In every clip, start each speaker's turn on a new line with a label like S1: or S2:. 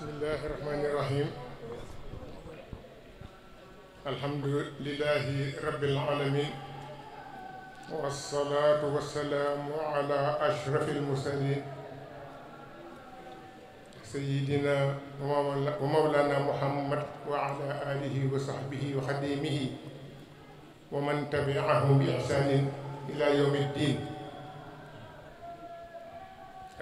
S1: bismillahi irrahmani irrahim alhamdulilahi rabbil alamin wasalaatu wasalaamu ala ashrafi almursalin sayidina wa mawlana muhammad wa ala alihi wa sahbihi wa xadimihi wa man tabiahum bi ihsanin ila yawmi ddin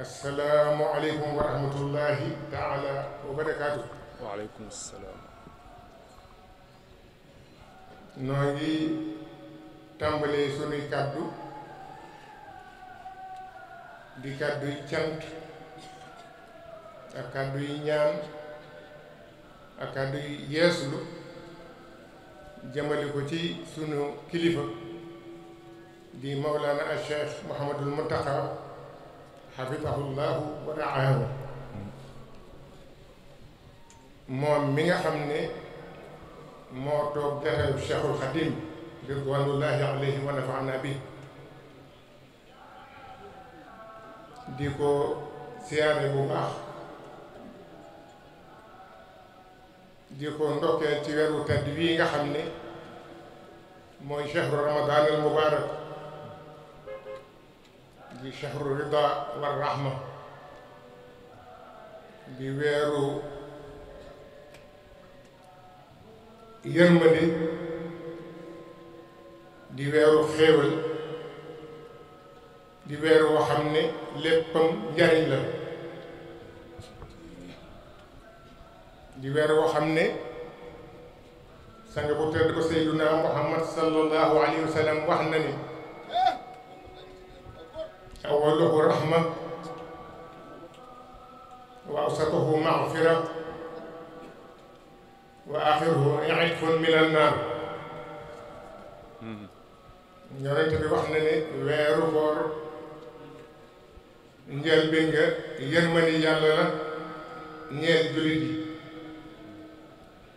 S1: asalaamualeykum wa rahmatullahi taala wa barakaatu. waaleykum salaam. noo ngi tàmbalee sunuy kàddu di kàddu yi cant ak kàddu yi ñaan ak kàddu yeeslu jëmale ko ci sunu kilifa di Mawlana al Cheikh Mouhamadul xafidahu llaahu wa ra'aahu moom mi nga xam ni moo toog darayu Cheikhul Xadim ridwanullahi alayhi wa nafaana bi di ko siyaare bu baax di ko ndokkee ci weeru tedd wii nga xam ni mooy chahru ramadan al di chahru rida war rahma di weeru yërmande di weeru xéewal di weer woo xam léppam njariñ la di weer woo xam ne sanga bu ko Seyduna Muhammad sallallahu alayhi wa wax na ni awaluhu rahma wa awsatuhu maxfira wa axiruhu itqun min annaar yonent bi wax na ni weeru koor njël bi nga yërmani yàlla la ñeel jullit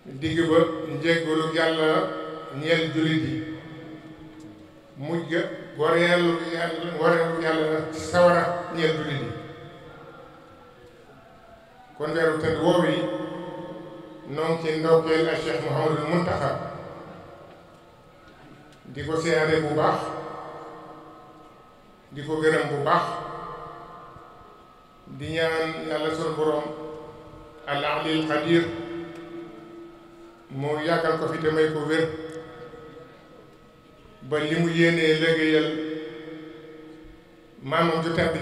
S1: yi digg yàlla la ñeel jullit yi wareelu yàlla wareelu yàlla la sawara ñeel jullit yi kon weeru tëdd woowu yi noonu ci ndokkeel ak Cheikh Mouhamadul Muntaxa di ko seyaare bu baax di ko gërëm bu baax di ñaan yàlla sunu borom al alil mu yàggal ko fi te may ko wér ba li mu yéenee liggéeyal maamam ju tedd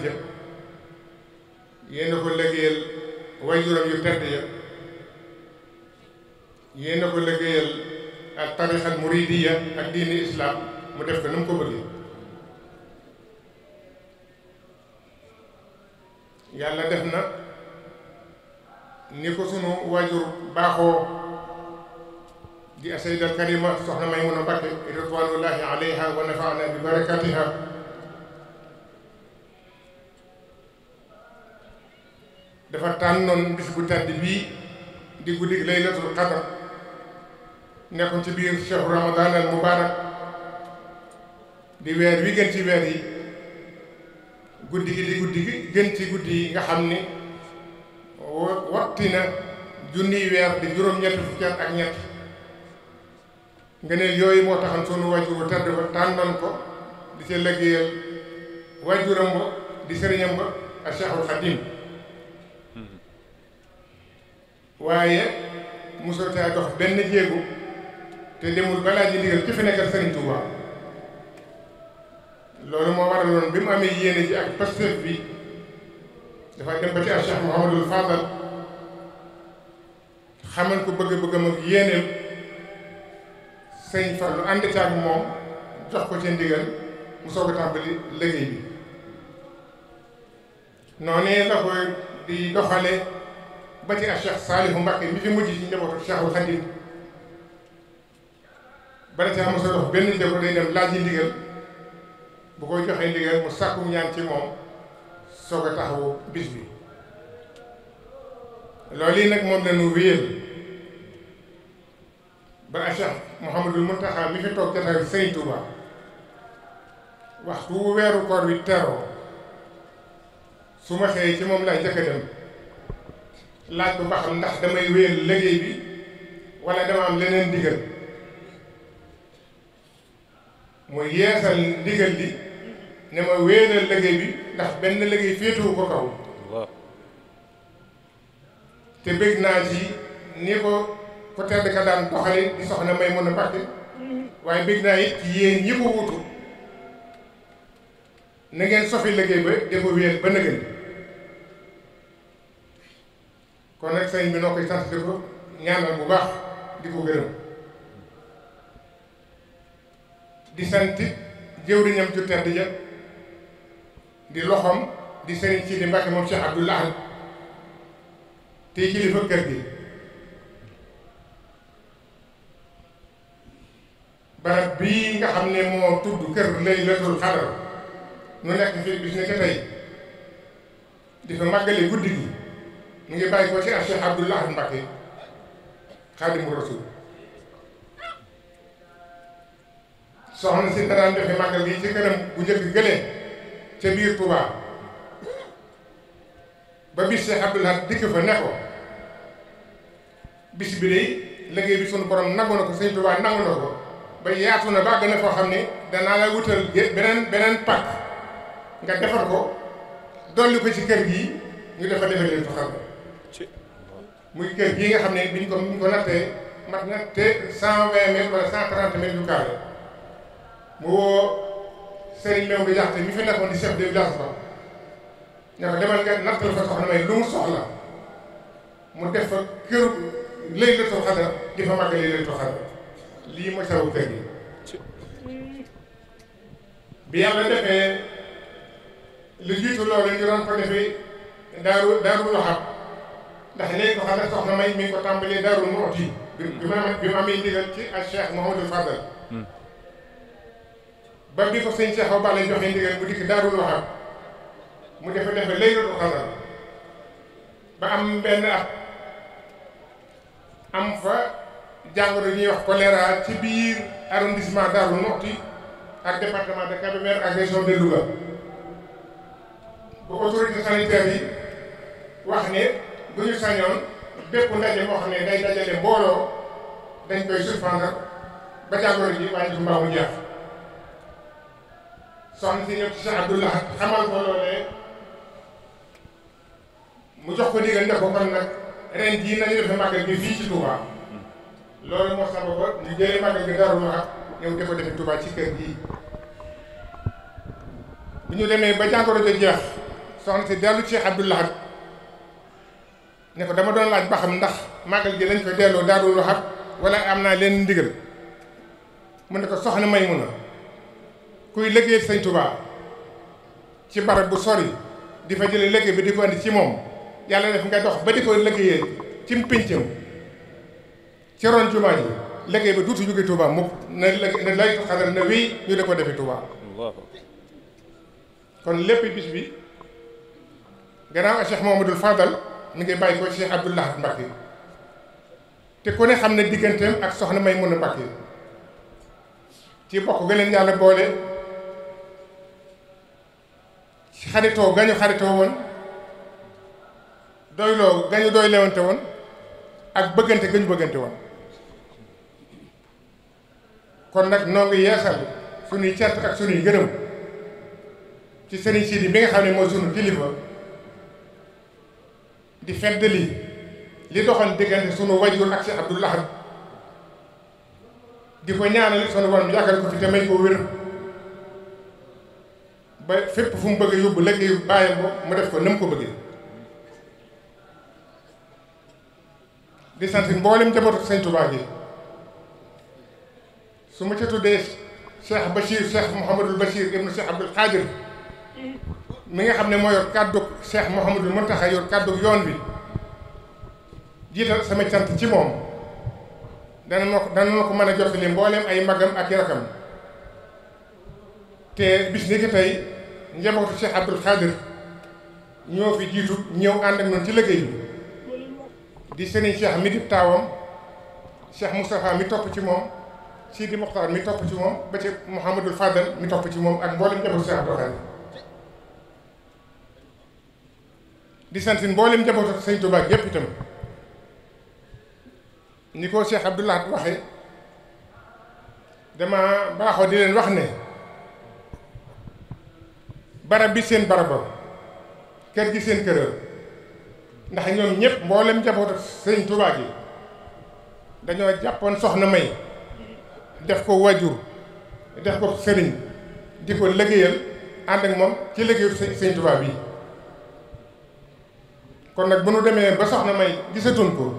S1: ja ko liggéeyal waajuram yu tedd ya ko liggéeyal ak tarixal muridiya ak diini islam mu def ko nam mu ko bëggee yàlla def na ni ko sunu waajur baaxoo di asayida alkarima soxna Maymuna Mbakke ridwanullahi alayha wa nafaana bi barakatiha dafa tànnoon bis bu tedd bii di guddi laylatul qadr nekkoon ci biir shahru ramadan al mubarak di weer wi gën ci weer yi guddi guddi gën ci guddi yi nga xam ne waxti na junniy weer di juróom-ñett fukki at ak ñett nga ne yooyu moo taxam sunu wajur wu tedd ba tàndoon ko di ca liggéeyal wajuram ba di sëriñam ba ak Cheikhul waaye mosoo taa dox benn jéegu te demul balaa ji ndigal ci fi nekkal sëriñ Touba loolu moo waraloon bi mu amee yéene ji ak pasteur bi dafa dem ba ci ak Cheikh Mouhamadul Fadal xamal ko bëgg bëgg ak yéeneem sëriñ Fallu ànd caag moom jox ko ci ndigal mu soog a tàmbali liggéey bi noonu la ko di doxale ba ci ak Cheikh Saalihu Mbàkke mi fi mujj ci njabootu Cheikhul Xadim bala caa mos a dox benn njabootu day dem laaj yi ndigal bu ko joxee ndigal mu sàkkum ñaan ci moom soog a bis bi loolu yi nag moom la ñu wéyal ba Cheikh Mouhamadul Mountakha mi fi toog jataayu Sëriñ Tuuba waxtu wu weeru koor wi teroo su ma xëyee ci moom laay jëkka dem laaj ndax damay wéyal liggéey bi wala dama am leneen ndigal mu yeesal ndigal li ne ma wéyalal liggéey bi ndax benn liggéey féetuwu ko kaw te bëgg naa ci ni ko ku tedd ka daan doxali di soxna may mën a Mbàkke waaye bég naa it yéen ñi ko wutu na ngeen sofi ba di ko ba nëgën kon nag sëñ bi noo koy sant di ko ñaanal bu baax di ko gërëm di sant jëwriñam ju tedd ja di loxoom di sëriñ ci di Mbàkke moom Cheikh Abdoul Ahad te kilifa kër gi barab bii nga xam ne moo tudd kër Laylatul Qadr nu nekk fii bis ni ko tey di fa màggale guddi gi mu ngi bàyyi ko ci ak Cheikh Abdoul Ahad Mbacké Xaadimu Rasuul soxna si daan defe màggal gi ci bu njëkk gële ca biir Touba ba bis Cheikh Abdoul Ahad dikk fa ne ko bis bi de liggéey bi sunu borom nangu na ko sëñ Touba nangu na ko ba yaatu na ba na foo xam ne danaa la wutal beneen beneen pàkk nga defar ko dolli ko ci kër gii ñu defar defar leen ko xam muy kër gii nga xam ne bi ñu ko bi ko nattee mat na cent vingt mètres wala cent trente mètres yu carré mu woo Serigne Mbengue Diakhaté nekkoon di chef de village ba ne ko demal nga nattal fa soxna may lu mu soxla mu def fa kër lay la too xadar di fa màgg lay la too xadar lii mooy sababu kër gi bi yàlla defee lu jiitu loolu ñu doon ko defee daaru daaru loxaat ndax léegi ko xam ne soxna May mi ngi ko daaru mu oti bi bi ma bi ma amee ndigal ci ak Cheikh Mouhamadou Fadal hmm. ba bi ko sëñ Cheikh Obal joxe ndigal bu dikk daaru loxaat mu defe defe laylatul xadar ba am benn am fa jàngoro yi ñuy wax ci biir arrondissement Darou Mouhty ak département de Kébémer ak région de Louga bu autorité wax ne bu ñu sañoon bépp ndaje moo xam ne day dajale mbooloo dañ koy suspendre ba jàngoro ji wàññi ko mbaa mu jeex soxna si ñëw ci Cheikh Abdullah xamal mu jox ko ndigal ne ko nag ren jii nañu defe màggal bi fii ci Touba. loolu moo sababa ñu jëlee màggal gi Daaru Marnaan ñëw di ko defee Touba ci kër gi bi ñu demee ba jàngoro ja jeex soxna si dellu ci Abdou Lahad ne ko dama doon laaj ba xam ndax màggal gi lañ ko delloo Daaru Lahad wala am naa leen ndigal mu ne ko soxna may mun a kuy liggéey Sëñ Touba ci barab bu sori di fa jëlee liggéey bi di ko andi ci moom yàlla def nga dox ba di ko liggéeyee ci mpincam ci ron jumaa ji liggéey ba duuti jóge Touba mukk na na laytu xadar wéy ñu da ko defe Touba kon lépp bis bi gannaaw Cheikh Mamadou Fadal mi ngi bàyyi ko Cheikh Abdou Lahad Mbacké te ku ne xam ne digganteem ak soxna may Maymuna Mbacké ci bokk ga leen yàlla boole ci xaritoo gañu xaritoo woon doyloo gañu doylewante woon ak bëggante gañu bëggante woon kon nag noo ngi yeesal suñuy cant ak suñuy gërëm ci sëriñ Sidi bi nga xam ne mooy sunu kilifa di feddali li doxal diggante sunu wajur ak si Abdou Lahad di ko ñaan sunu borom yàggal ko fi te may ko wér ba fépp fu mu bëgg yóbbu liggéeyu mu def ko na ko bëggee di sant mboolem njabootu Sëñ Tuubaa gi su ma ci tuddee Cheikh Bachir Cheikh Mouhamadul Bachir ibnu Cheikh Abdoul Khadir mi nga xam ne moo yor kàddug Cheikh Mouhamadul Muntaxa yor kàddug yoon bi jiital sama cant ci moom dana ma ko dana ma ko mën a jotali mbooleem ay magam ak yarakam te bis ni ki tey njabootu Cheikh Abdoul Khadir ñoo fi jiitu ñëw ànd ak noonu ci liggéey bi di sëriñ Cheikh mi di taawam Cheikh Moustapha mi topp ci moom sii Sidi Mokhtar mi topp ci moom ba ci Mouhamadul Fadal mi topp ci moom ak mboolem njabootu Cheikh Abdou Khadre di sant mboolem njabootu Sëñ Tuubaa yépp itam ni ko Cheikh Abdou waxe dama baaxoo di leen wax ne barab bi seen barabam kër gi seen këram ndax ñoom ñëpp mboolem njabootu Sëñ Tuubaa gi dañoo jàppoon soxna May def ko wajur def ko sëriñ di ko liggéeyal ànd moom ci liggéeyu sëñ Tuubaa bi kon nag bu nu demee ba soxna may gisatuñ ko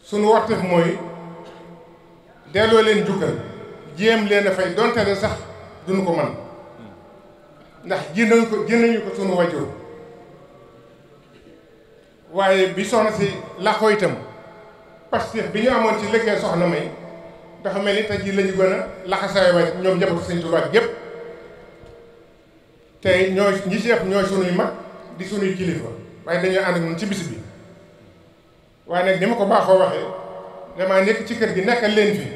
S1: sunu warteef mooy delloo leen jukkal jéem leen a fay donte sax duñu ko man ndax ji ko ji nañu ko sunu wajur waaye bi soxna si làqoo itam parce bi ñu amoon ci liggéey soxna may dafa mel ni tey jii la ñu gën a ñoom njabootu sëñ Tuubaa yëpp tey ñooy ñi ci ëpp ñooy sunuy mag di sunuy kilifa waaye dañoo ànd ci bis bi waaye nag ni ma ko baaxoo waxee damaa nekk ci kër gi nekkal leen fi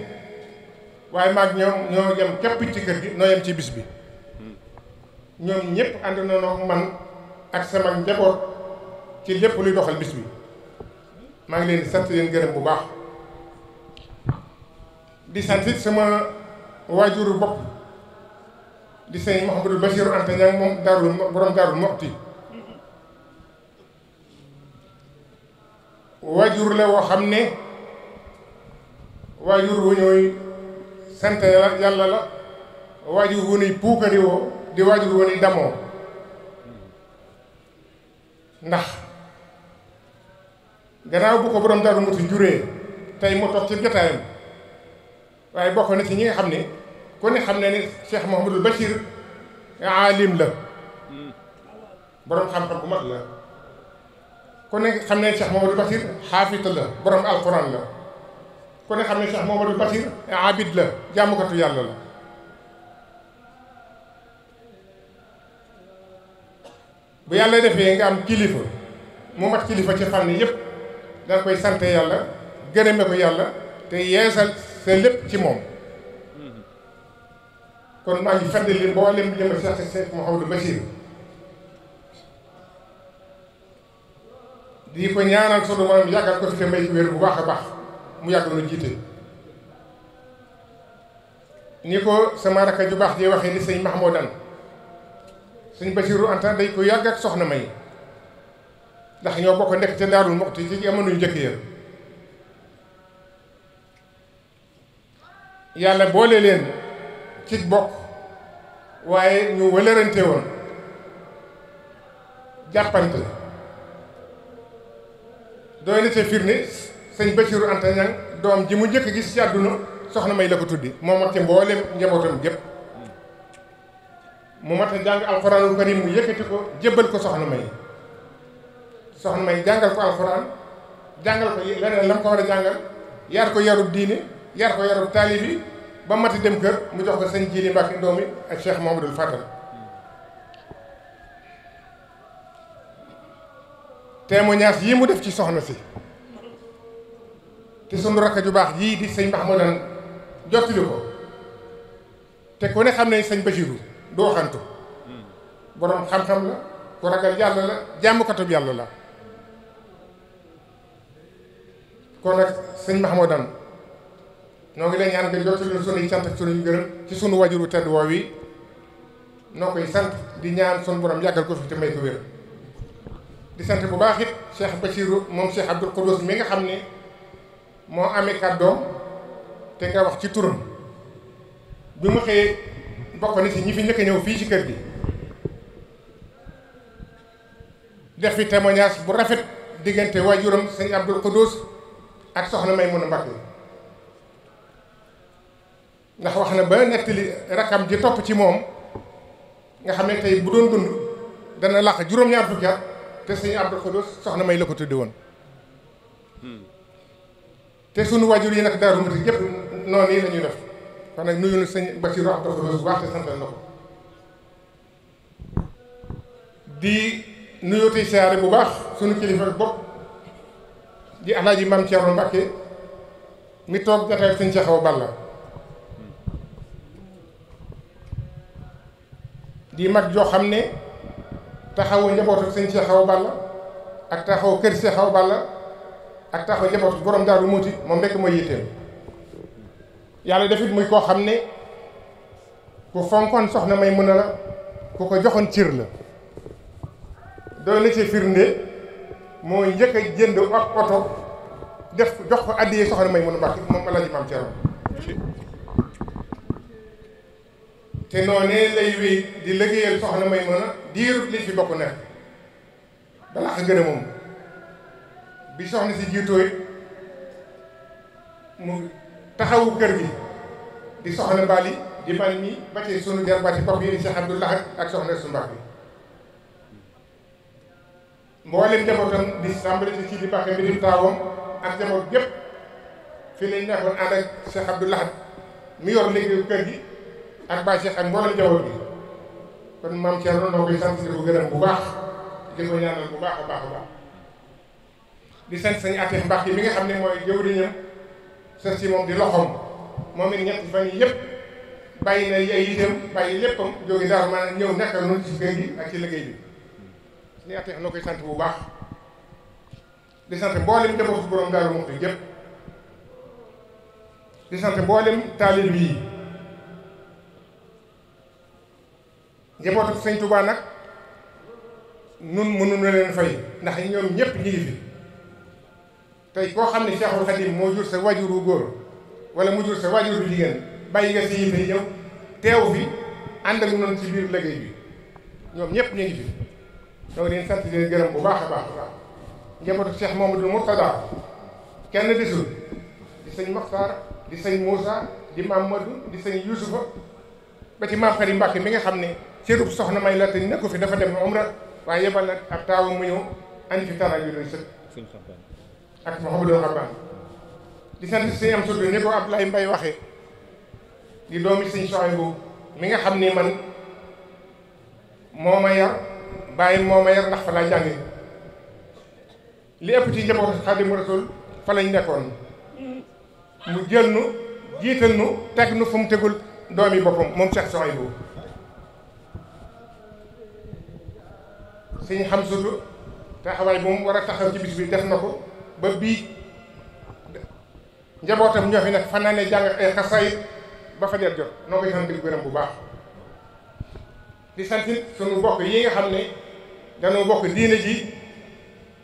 S1: waaye maag ñoom ñoo yem képp ci kër gi noo yem ci bis bi ñoom ñëpp ànd na nañoo man ak sama njaboot ci lépp luy doxal bis bi maa ngi leen di sant leen gërëm bu baax. di santi it sama waajuru bopp di sëñ Mouhamadou Bachir Anta Niang moom daarul borom daarul moxti waajur la woo xam ne waajur wu ñooy sant yàlla la waajur wu ñuy puukari woo di waajur wu ñuy damoo ndax gannaaw bu ko borom daarul juree tey mu toog ci waaye bokk na ci ñi xam ne kon ne xam ne ni Cheikh Mouhamadul Bachir aalim la borom xam-xam bu mag la ku ne xam ne Cheikh Mouhamadul Bachir xaafit la borom la ku xam ne Cheikh Mouhamadul Bachir abid la jaamukatu yàlla la bu yàlla defee nga am kilifa mu mat kilifa ci fànn yépp danga koy sante yàlla gërëme ko yàlla te yeesal sa lépp ci moom kon maa ngi fàttali mboolem li ma seq Seex Mouhamadou Bachir di ko ñaanal sunu maam yàggal ko fi may ci bu baax a baax mu yàgg lu jiite ni ko sama rakk ju baax di waxee ni sëñ Mahmoudan sëñ Bachirou Anta day ko yàgg soxna May ndax ñoo bokk nekk ca Daaru Muxti ci jamono yu njëkk ya yàlla boole leen ci bokk waaye ñu wëlërante woon jàppante doy na ca firnde sëñ Bassirou Anta Niang doom ji mu njëkk gis ci àdduna soxna may la ko tuddi moo mat ci mboolem njabootam gépp mu mat a jàng alxuraanul karim mu yëkkati ko jébbal ko soxna may soxna may jàngal ko alxuraan jàngal ko leneen la mu ko war a jàngal yar ko yarub diine yar ko yaru taalibi ba mati dem kër mu jox ko sëñ Jili Mbàkke doomi ak Cheikh Mamadou Fatal témoignage yi mu def ci soxna si te sunu rakk ju baax yii di sëñ Mahmoudan jottali ko te kone xam ne sëñ Bachirou du waxantu boroom xam-xam la ku ragal yàlla la jàmmkatub yàlla la kon nag sëñ Mahmoudan noo ngi lay ñaan nga jottali sunuy cant ak sunuy ngërëm ci sunu wajuru tedd woow yi noo koy sant di ñaan sunu borom yàggal ko fi te may ko wér di sant bu baax it Cheikh Bachirou moom Cheikh Abdoul Khoudous mi nga xam ne moo amee kàddoom te nga wax ci turam bi mu xëyee bokk na ci ñi fi njëkk ñëw fii ci kër gi def fi témoignage bu rafet diggante waajuram sëñ Abdoul Khoudous ak soxna a Mbacké ndax wax na ba nettali rakam ji topp ci moom nga xam ne tey bu doon dund dana làq juróom-ñaar fukki at te sëñ Abdou Khoudous soxna may la ko tuddi woon hmm. te sunu wajur yi nag daaru muti yëpp noonu yi la ñuy def kon nag nuyu na sëñ Bassirou Abdou Khoudous bu baax te santal na ko di nuyoo tey bu baax suñu kilifa bopp di ji Maam Thierno Mbacké mi toog jataay sëñ Cheikh Awa Balla di mag joo xam ne taxawu njabootu sëñ Cheikh Awa Balla ak taxawu kër Cheikh Awa Balla ak taxawu njabootu borom daaru muuti moom rekk mooy yitteem yàlla defit muy koo xam ne ku fonkoon soxna may mën a la ku ko joxoon cir la doy na ci firnde moo njëkk a jënd ak oto def jox ko àddiyee soxna may mën a mbàkk moom alaaji maam Cerno te noonee lay wéy di liggéeyal soxna may mën a diirut li fi bokk nekk moom bi soxna si jiitooy mu taxawu kër gi di soxna Bali di man mi ba ci sunu jarbaati bopp yi di Cheikh Abdou Lahad ak soxna su mbaax bi mboolem njabootam di sàmbali si ci di baaxee bi di taawam ak njaboot yëpp fi lañ nekkoon ànd ak Cheikh Abdou Lahad mi yor liggéeyu kër gi ak Baye Cheikh ak mboolem jaww bi kon maam Thierno noo koy sant di ko gërëm bu baax di ñaanal bu baax a baax baax di sant sañu Atex Mbacke mi nga xam ne mooy jëwriñam sa si moom di loxoom moom it ñett fan yii yëpp bàyyi na ay itam jóge daal maanaam ñëw nekk noonu ci kër gi ak ci liggéey bi suñu Atex noo koy sant bu baax di sant mboolem jëmmu borom moom Muxti yëpp di sant mboolem taalib yi. njabootu sëñ Touba nag nun mënuñu leen fay ndax ñoom ñëpp ñu ngi fi tey koo xam ne Cheikhul Khadim moo jur sa wajuru góor wala mu jur sa wajuru bàyyi nga si yi ñëw teew fi ànd ak noonu ci biir liggéey bi ñoom ñëpp ñu ngi fi donc leen sant leen bu baax a baax a baax njabootu Cheikh Mamadou Mourtada kenn desul di sëñ Mokhtar di sëñ Moussa di Mamadou di sëñ Youssoufa ba ci maam Xarim Mbàkke mi nga xam ne cërub soxna may la te nekku fi dafa dem umra waaye yebal na ab taawu mu ñëw andi fi di sant sëñ am sutbi ni ko Abdoulaye Mbaye waxee di doomi sëñ soxay boobu mi nga xam ni man moo ma yar bàyyi moo ma yar ndax fa laa li ëpp ci njaboot Xaadimu Rasuul fa lañ nekkoon mu jël nu jiital nu teg nu fu mu tegul yi boppam moom Cheikh soxay boobu sëñ Hamzatu taxawaay bu war a taxaw ci bis bi def na ko ba bii njabootam ñoo fi nekk fanaane jàng ay xasaayit ba fa jot noo koy sant di gërëm bu baax di sant sunu mbokk yi nga xam ne dañoo bokk diine ji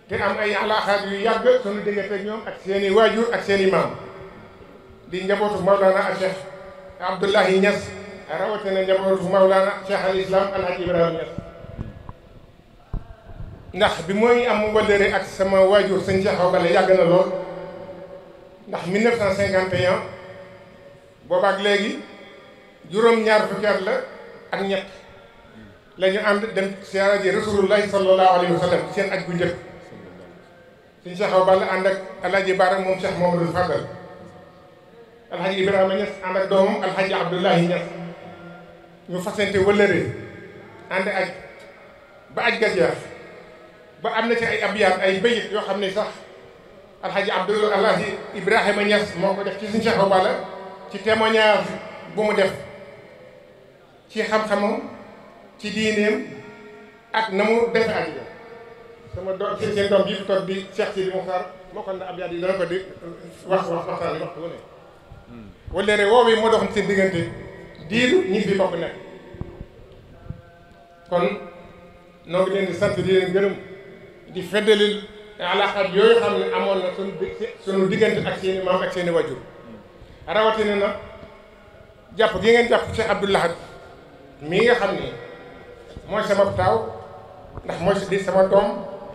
S1: te am ay alaaxaat yu yàgg sunu diggante ak ñoom ak seeni waajur ak seen i di njabootu Mawlana ak Cheikh Abdoulahi Niass rawatina njabootu Mawlana Cheikh al Islam Alhaji Ibrahima ndax bi mooy am wëllëre ak sama waajur sëñ Cheikh Awa Balla yàgg na lool ndax 1951 boobaak léegi juróom-ñaar fukki at la ak ñett la ñu ànd dem siyaara ji rasulullahi sallallahu alayhi seen aj bu njëkk sëñ Cheikh Awa Balla ànd ak alhaji Baara moom Cheikh Mamadou Fadal alhaji Ibrahima Niass ànd ak doomam alhaji Abdoulahi Niass ñu fasante wëllëre ànd aj ba aj ga ba am na ci ay abiyaat ay bayit yoo xam ne sax alxaji abdul alhaji ibrahima Niass moo ko def ci suñu Cheikh ci témoignage bu mu def ci xam-xamam ci diineem ak na mu def àddina sama doom seen doom bi toog bi Cheikh Sidi Moukhtar moo kon na abiyaat yi dana ko di wax wax waxtaan waxtu wu ne waleere woowu moo dox seen diggante diiru ñi fi bokk nekk kon noo ngi leen di sant di leen gërëm di feddalil alaxat yooyu xam ne amoon na sunu sunu diggante ak seeni maam ak seeni wajur rawatina na jàpp gi ngeen jàpp Cheikh Abdou Lahad mii nga xam ne mooy sama taaw ndax mooy di sama doom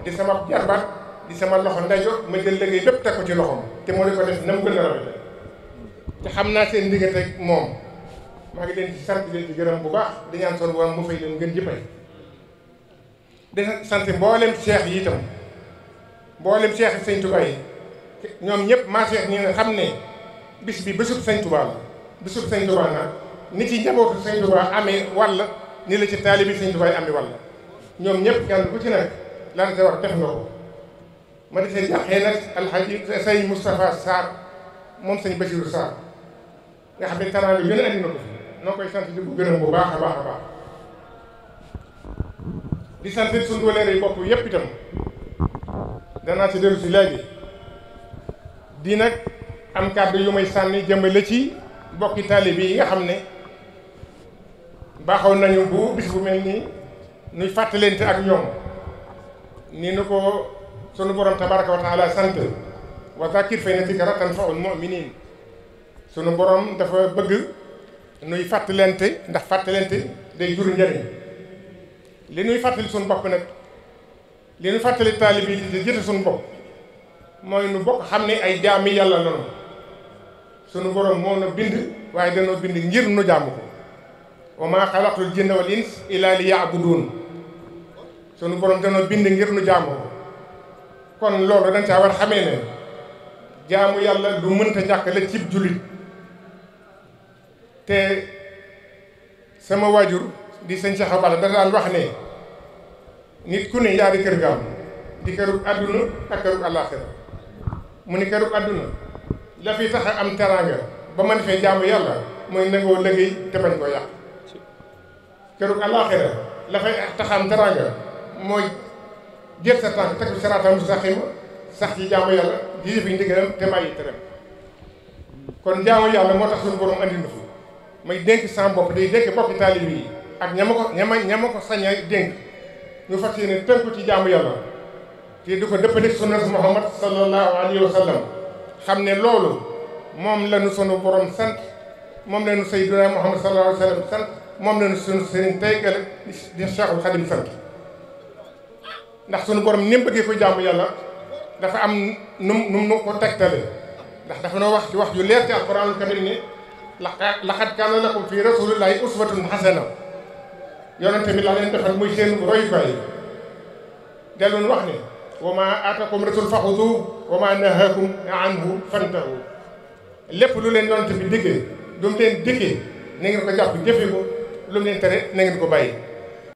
S1: di sama jarbaat di sama loxo ndajo ma jël liggéey lépp teg ko ci loxoom te moo di ko def na gën a rafet te xam naa seen diggante ak moom maa ngi leen ci sant leen ci gërëm bu baax di ñaan son borom mu fay leen ngeen jëppay di santi mboolem seex yiitam itam mboolem seex yi sëñ Tuubaa yi ñoom ñëpp maa seex ñu nga xam ne bis bi bésub sëñ Tuubaa la bésub sëñ Tuubaa na ni ci njabootu sëñ Tuubaa amee wàll ni la ci taalibi sëñ Tuubaa yi amee ñoom ñëpp kenn ku ci nekk lan te wax def nga ko ma di seen jàqee nag alxaji sëñ Moustapha Sarr moom sëñ Basiru Sarr bi xam ne tanaal yu gën a andi na bu baax a baax a baax di sant suñu waleer yi bopp yépp itam danaa ci dellu si léegi di nag am kàddu yu may sànni jëmbale ci bokki taalibe yi nga xam ne baaxoon nañu bu bis bu mel nii nuy fàttalente ak ñoom nii nu ko sunu borom tabaraka wa taala sant wa zakir fa inna zikra tanfaul mu'minin sunu borom dafa bëgg nuy fàttalente ndax fàttalente day jur njëriñ li ñuy fàttali suñu bopp nag li ñuy fàttali taalib yi di jëte mooy nu bokk xam ni ay jaami yàlla lanu sunu borom moo na bind waaye danoo bind ngir nu jaamu ko wa maa xalaqtul jinna ins illaa li yaabuduun sunu borom danoo bind ngir nu jaamu ko kon loolu dañ caa war xamee ne jaamu yàlla du mënta ñàkk la cib jullit te sama waajur di sëñ Cheikh Abdallah da daan wax ne nit ku ne ñaari kër nga di kërug àdduna ak kërug àllaaxira mu ni kërug àdduna la fi tax am teraanga ba ma fee jaamu yàlla mooy nangoo liggéey te bañ koo yàq kërug àllaaxira la tax a am teraanga mooy jël sa tànk tegu saraatam saxima sax ci jaamu yàlla di def ndigalam te bàyyi tere kon jaamu yàlla moo tax suñu borom andi na fi may dénk sama bopp day dénk bokki taalib yi ak ña ko ña ma ña ko sañ a dénk ñu fas yéene tënku ci jaamu yàlla te di ko dëppale sunna su Muhammad sallallahu alayhi wa xam ne loolu moom la ñu sunu borom sant moom la ñu sayyiduna Muhammad sallallahu alayhi wa sallam sant moom la ñu sunu sëriñ tey gële di Cheikhul Khadim sant ndax sunu borom ni bëggee ko jaamu yàlla dafa am nu nu ko tegtale ndax dafa noo wax wax ju leer ci alquran al karim ni laqad kaana lakum fii rasulillahi uswatun hasana yonente bi la leen defal muy seen royukaay del doon wax ne wa maa aatakum rasul faxudu lu leen yonente bi diggee lu leen diggee na ngeen ko jàpp jëfe ko lu mu leen tere na ngeen ko bàyyi